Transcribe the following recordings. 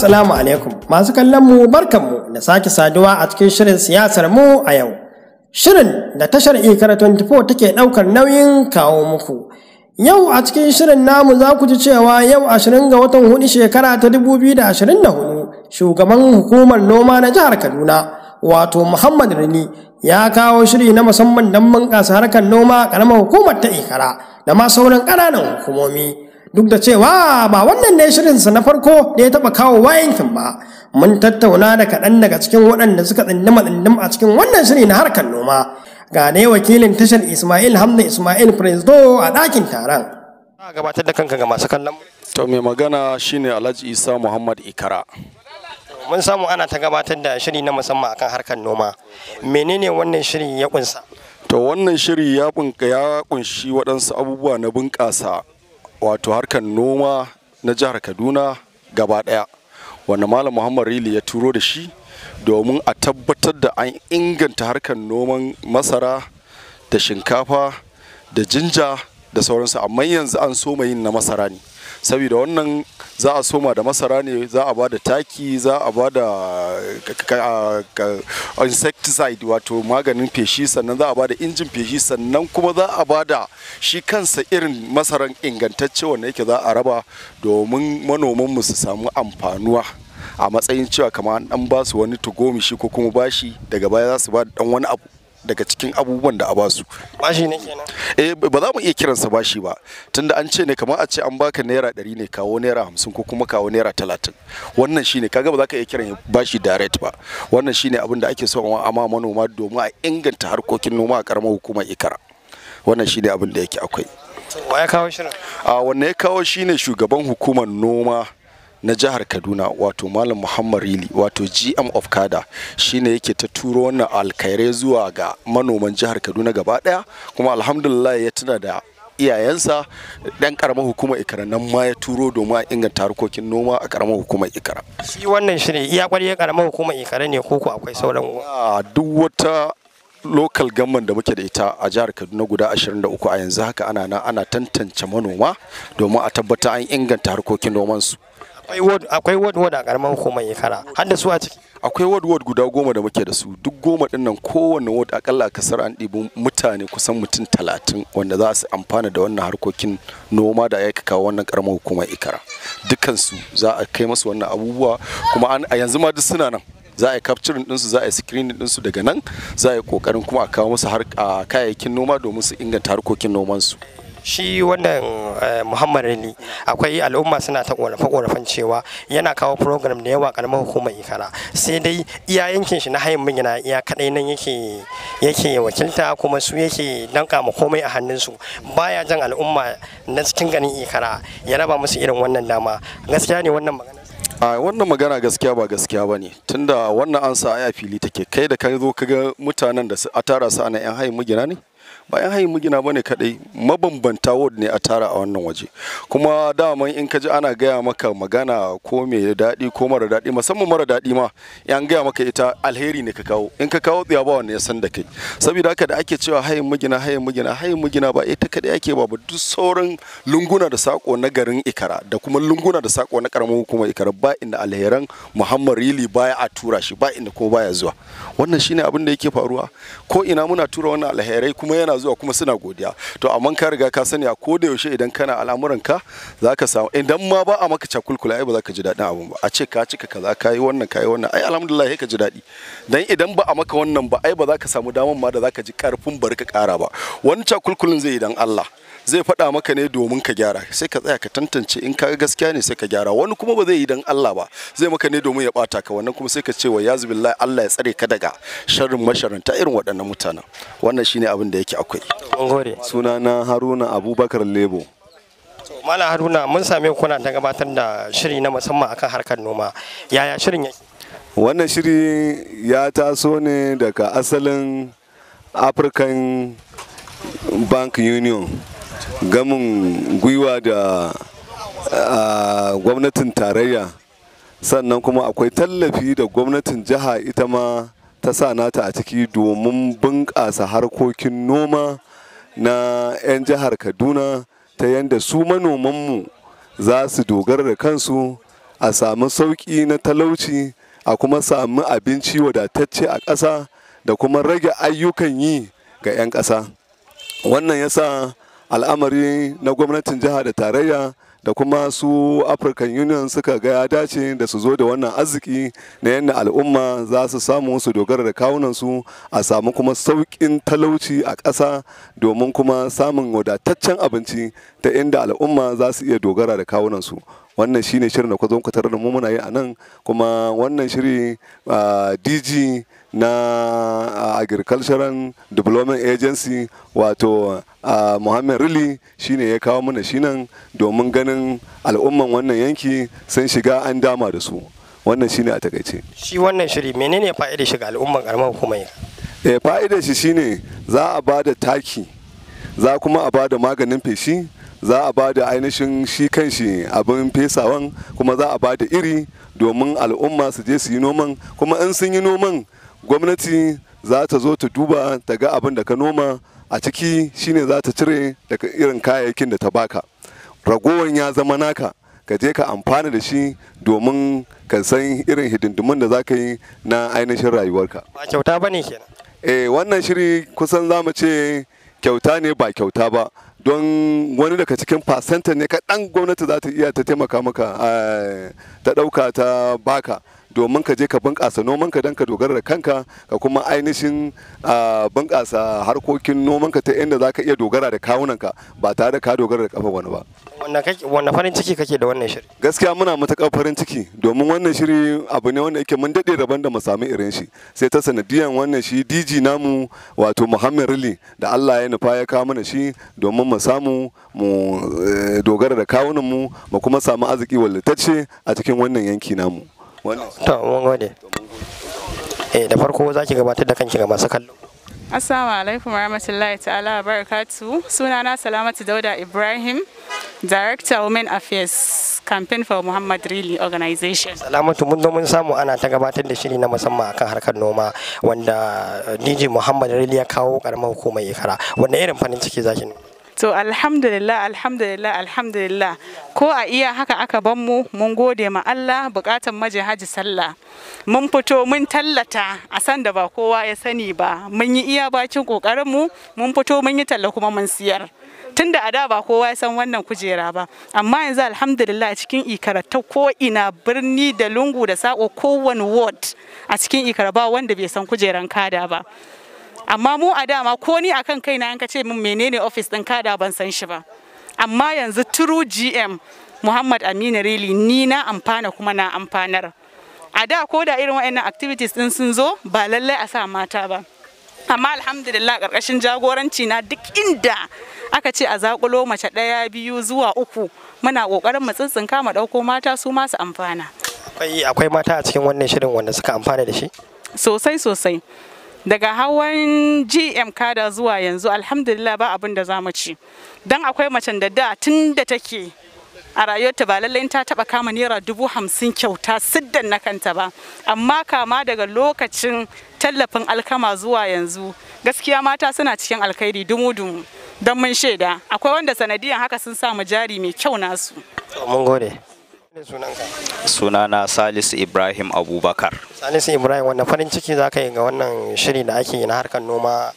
assalamu alaikum masu kallon mu barkan mu da sake saduwa a cikin shirin siyasar mu a yau shirin da tashar ikara 24 take daukar nauyin kawo muku yau a cikin shirin namu za ku ji cewa yau 20 ga watan hudu shekara ta 2024 shugaban hukumar noma na jihar kaduna wato muhammad rini ya kawo shiri na musamman don bunƙasa harkar noma ƙaramar hukumar ta ikara da ma sauran ƙananan hukumomi duk da cewa ba wannan ne shirinsa na farko da ya taɓa kawo wayankin ba mun tattauna da kaɗan daga cikin waɗanda suka tsindima tsindim a cikin wannan shiri na harkar noma ga ne wakilin tashar ismail hamza ismail presdo a ɗakin taron gabatar da kanka ga masu kallon to mai magana shine alhaji isa muhammad ikara mun samu ana ta gabatar da shiri na musamman akan harkar noma menene wannan shiri ya kunsa to wannan shiri ya kunshi waɗansu abubuwa na bunƙasa wato harkar noma na jihar kaduna gaba daya wanda malam muhammad rili ya turo da shi domin a tabbatar da an inganta harkar noman masara da shinkafa da jinja da sauransu amma yanzu an soma yin na masara ne saboda wannan za a soma da masara ne za a ba taki za a ba insecticide wato maganin feshi sannan za a ba injin feshi sannan kuma za a ba shi kansa irin masaran ingantacce wanda yake za a raba domin manomanmu su samu amfanuwa a matsayin cewa kamar an ba su wani tugomishi ko kuma bashi daga baya za su ba da dan wani abu daga cikin abubuwan da a basu bashi ne kenan eh ba za mu iya kiransa bashi ba tunda an ce ne kamar a ce an baka naira ɗari ne kawo naira hamsin ko kuma kawo naira talatin wannan shine kaga ba za ka iya kiran bashi direct ba wannan shine abin da ake so a ma manoma domin a inganta harkokin noma a karamar hukumar ikara wannan shine abin da yake akwai wa ya kawo shirin a wanne ya kawo shine shugaban hukumar noma na jihar kaduna wato malam muhammad rili wato gm of kada shine yake ta turo wannan alkairai zuwa ga manoman jihar kaduna gaba daya kuma alhamdulillah ya tuna da iyayensa dan karamar hukumar ikara nan ma ya turo domin a inganta harkokin noma a karamar hukumar ikara shi wannan shi ne iya kwariyar karamar hukumar ikara ne ko akwai sauran duk wata local government da muke da ita a jihar Kaduna guda 23 a yanzu haka ana nan ana tantance manoma domin a tabbata an inganta harkokin nomansu. su akwai ward akwai ward a karamar hukumar ya kara har da su a ciki akwai ward ward guda goma da muke da su duk goma din nan kowanne ward akalla a kasar an ɗibi mutane kusan mutum talatin wanda za su amfana da wannan harkokin noma da ya kawo wannan karamar hukumar Ikara dukansu za a kai masu wannan abubuwa kuma a yanzu ma duk suna nan za a yi capturing ɗinsu za a yi screening ɗinsu daga nan za a yi ƙoƙarin kuma a kawo musu kayayyakin noma domin su inganta harkokin nomansu. shi wannan eh, muhammad ali akwai al'umma suna ta korafe korafen cewa yana kawo program da yawa karamar hukumar ikara sai dai iya yankin shi na hayin yana iya kadai nan yake yake wakilta kuma su yake danka ma komai a hannunsu baya jan al'umma na cikin ganin ikara ya raba musu irin wannan dama gaskiya ne wannan magana a wannan magana gaskiya ba gaskiya ba ne tunda wannan ansa a fili take kai da ka zo ka ga mutanen da a tara su ana yan hayin mugina ne Bayan hayin mugina ba ne kaɗai mabambanta ward ne a tara a wannan waje kuma dama in ka ji ana gaya maka magana ko mai daɗi ko mara daɗi musamman mara daɗi ma yan gaya maka ita alheri ne ka kawo in ka kawo tsaya ba wanda ya san da kai saboda haka da ake cewa hayin mugina hayin mugina hayin mugina ba ita kaɗai ake ba duk sauran lunguna da sako na garin ikara da kuma lunguna da sako na karamin hukumar ikara ba inda alheran muhammad rili baya a tura shi ba inda ko baya zuwa wannan shine abin da yake faruwa ko ina muna tura wannan alherai kuma yana zuwa kuma suna godiya to amma ka riga ka sani a koda yaushe idan kana al'amuranka za ka samu idan ma ba a maka cakulkula ai ba za ka ji daɗin abun ba a ce ka cika kaza ka yi wannan ka yi wannan ai alhamdulillah sai ka ji daɗi dan idan ba a maka wannan ba ai ba za ka samu daman ma da za ka ji karfin bari ka ƙara ba wani cakulkulin zai yi dan Allah zai faɗa maka ne domin ka gyara sai ka tsaya ka tantance in ka gaskiya ne sai ka gyara wani kuma ba zai yi dan Allah ba zai maka ne domin ya bata ka wannan kuma sai ka ce wa yazu billahi Allah ya tsare ka daga sharrin ta irin waɗannan mutanen wannan shine abin da yake akwai sunana Haruna Abubakar Lebo Malam Haruna mun same ku kuna ta gabatar da shiri na musamman akan harkar noma yaya shirin yake wannan shiri ya taso ne daga asalin African Bank Union gamin gwiwa da gwamnatin tarayya sannan kuma akwai tallafi da gwamnatin jiha ita ma ta sa nata a ciki domin bunƙasa harkokin noma na 'yan jihar kaduna ta yadda su manomanmu za su dogara da kansu a sami sauƙi na talauci a kuma sami abinci wadatacce a ƙasa da kuma rage ayyukan yi ga 'yan ƙasa wannan yasa al'amari na gwamnatin jihar da tarayya da kuma su african union suka ga ya dace da su zo da wannan arziki na yadda al'umma za su samu su dogara da kawunansu a samu kuma sauƙin talauci a ƙasa domin kuma samun wadataccen abinci ta inda al'umma za su iya dogara da kawunansu wannan shine shirin da kwazon zo tare da mu muna yi a nan kuma wannan shiri DG na agricultural development agency wato uh, Muhammad Rili shine ya kawo mana shi nan domin ganin al'umman wannan yanki sun shiga an dama da su wannan shine a takaice shi wannan shiri menene fa'idar shiga al'umman karamar hukumar eh fa'idar shi shine za a ba da taki za kuma a ba da maganin feshi za a ba da ainihin shi kan kanshi abin fesawan kuma za a ba da iri domin al'umma su je su yi noman kuma in sun yi noman gwamnati za ta zo ta duba ta ga abin da ka noma a ciki shine za ta cire daga irin kayayyakin da ta baka ragowan ya zama naka ka je ka amfana da shi domin ka san irin hidindimin da za ka yi na ainihin rayuwarka ba kyauta ba ne kenan eh wannan shiri kusan za mu ce kyauta ne ba kyauta ba don wani daga cikin fasanta ne kaɗan gwamnati za ta iya ta taimaka maka eh, ta ɗauka ta baka domin ka je ka bunƙasa nomanka don ka dogara da kanka ka kuma ainihin bunƙasa harkokin nomanka ta inda za ka iya dogara da kawunanka ba tare da ka dogara da kafa wani ba. Wanne farin ciki kake da wannan shiri? Gaskiya muna matuƙar farin ciki domin wannan shiri abu ne wanda yake mun daɗe daban da mu sami irin shi sai ta sanadiyan wannan shi DG namu wato Muhammad Rili da Allah ya nufa ya kawo mana shi domin mu samu mu eh, dogara da kawunan mu mu kuma samu arziki wallatacce a cikin wannan yanki namu. to mun gode eh da farko za ki gabatar da kanki ga masu kallo Assalamu alaikum warahmatullahi ta'ala barakatu sunana Salamatu Dauda Ibrahim Director Women Affairs Campaign for Muhammad Rili Organization. Salamatu mun zo samu ana ta gabatar da shiri na musamman akan harkar noma wanda eh, DJ Muhammad Rili ya kawo karamar hukumar Ikara wanda irin farin ciki zakin. to alhamdulillah alhamdulillah alhamdulillah ko a iya haka aka ban mu mun gode ma Allah bukatan maji haji sallah mun fito mun tallata a san da ba kowa ya sani ba mun yi iya bakin kokarin mu mun fito mun yi talla kuma mun siyar tunda a da ba kowa ya san wannan kujera ba amma yanzu alhamdulillah cikin ikara ta ko ina birni da lungu da sako kowane ward a cikin ikara ba wanda bai san kujeran kada ba amma mu a dama ko ni akan na yanka ce min menene office din kada ban san shi ba amma yanzu turu gm muhammad aminu reli ni na amfana kuma na amfanar a da ko da irin wa'annan activities din sun zo ba lallai a sa mata ba amma alhamdulillah karkashin jagoranci na duk inda aka ce a zakulo mace ɗaya biyu zuwa uku muna kokarin mu tsintsinka mu ɗauko mata su masu amfana akwai mata a cikin wannan shirin wanda suka amfana da shi sosai sosai daga hawan gm kada zuwa yanzu alhamdulillah ba abin da za mu ci don akwai macen da da tun da take a rayuwarta ba lallai ta taba kama naira dubu hamsin kyauta siddan na kanta ba amma kama daga lokacin tallafin alkama zuwa yanzu gaskiya mata suna cikin alkhairi dumu-dumu don mun shaida akwai wanda sanadiyan haka sun samu jari mai kyau nasu mun gode sunana salisu ibrahim abubakar salisu ibrahim wanda farin ciki za ka yi ga wannan shiri da ake yi na harkar noma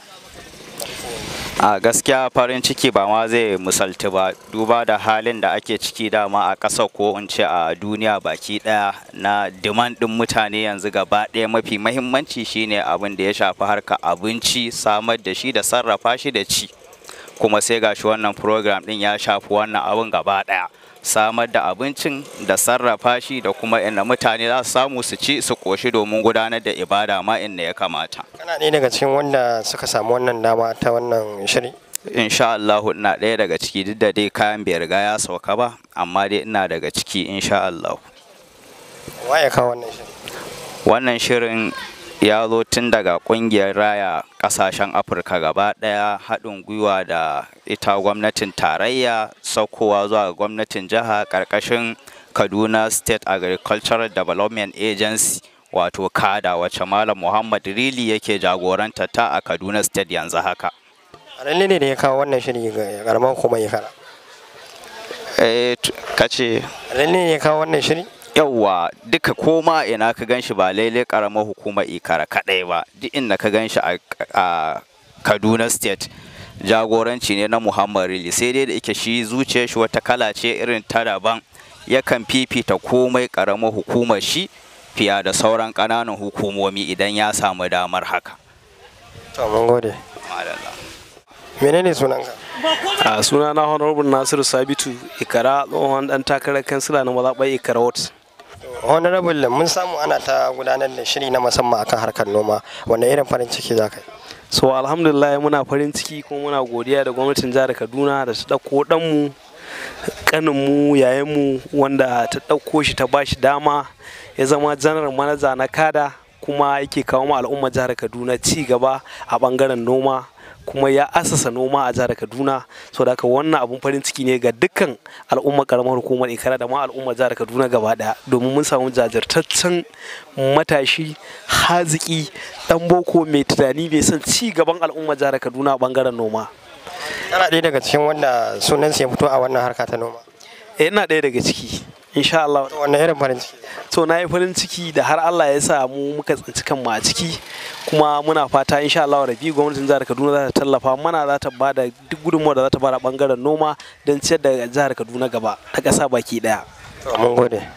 a gaskiya farin ciki ba ma zai misalti ba duba da halin da ake ciki dama a ƙasa ko in ce a duniya baki ɗaya na diman ɗin mutane yanzu gaba ɗaya mafi mahimmanci shine abin da ya shafi harka abinci samar da shi da sarrafa shi da ci kuma sai gashi wannan program din ya shafi wannan abin gaba ɗaya samar da abincin da sarrafa shi da kuma inda mutane za su samu su ci su koshi domin gudanar da ibada ma inda ya kamata kana ɗaya daga cikin wanda suka samu wannan dama ta wannan shiri insha Allah ina ɗaya daga ciki duk da dai kayan bai riga ya sauka ba amma dai ina daga ciki insha Allah wannan shirin wannan shirin ya zo tun daga kungiyar raya kasashen afirka gaba daya haɗin gwiwa da ita gwamnatin tarayya saukowa zuwa gwamnatin jiha ƙarƙashin kaduna state agricultural development agency wato kada wacce malam muhammad rili yake jagoranta ta a kaduna state yanzu haka ranar ne da ya kawo wannan shiri ga garman kuma ya kara eh kace ranar ne ya kawo wannan shiri yawwa duka koma ina ka ganshi ba laile karamar hukumar ikara kadai ba duk inda ka ganshi a kaduna state jagoranci ne na muhammad rili sai dai da ike shi zuciyar shi wata kala ce irin ta daban yakan fifita komai karamar hukumar shi fiya da sauran ƙananan hukumomi idan ya samu damar haka gode. menene sunanka a sunana na honorable nasiru sabitu ikara tsohon dan takarar kansila na mazaɓar ikara wata honorable mun samu ana ta gudanar da shiri na musamman akan harkar noma wanda irin farin ciki za ka yi so alhamdulillah muna farin ciki kuma muna godiya da gwamnatin jihar kaduna da su ɗauko ɗanmu kaninmu yayinmu wanda ta ɗauko shi ta bashi dama ya zama janar manaja na kada kuma yake kawo ma al'ummar jihar kaduna ci gaba a bangaren noma kuma ya asasa noma a jihar Kaduna so da haka wannan abun farin ciki ne ga dukkan al'ummar karamar hukumar Ikara da ma al'ummar jihar Kaduna gaba daya domin mun samu jajirtaccen matashi haziki dan boko mai tunani mai son ci gaban al'ummar jihar Kaduna a bangaren noma kana ɗaya daga cikin wanda sunan ya fito a wannan harka ta noma eh ina ɗaya daga ciki insha Allah wannan irin farin ciki to na farin ciki da har Allah ya sa mu muka tsinci kanmu a ciki kuma muna fata insha Allah rabi gwamnatin jihar Kaduna za ta tallafa mana za ta ba duk gudunmuwa da za ta bada bangaren noma don ciyar da jihar Kaduna gaba ta kasa baki daya mun gode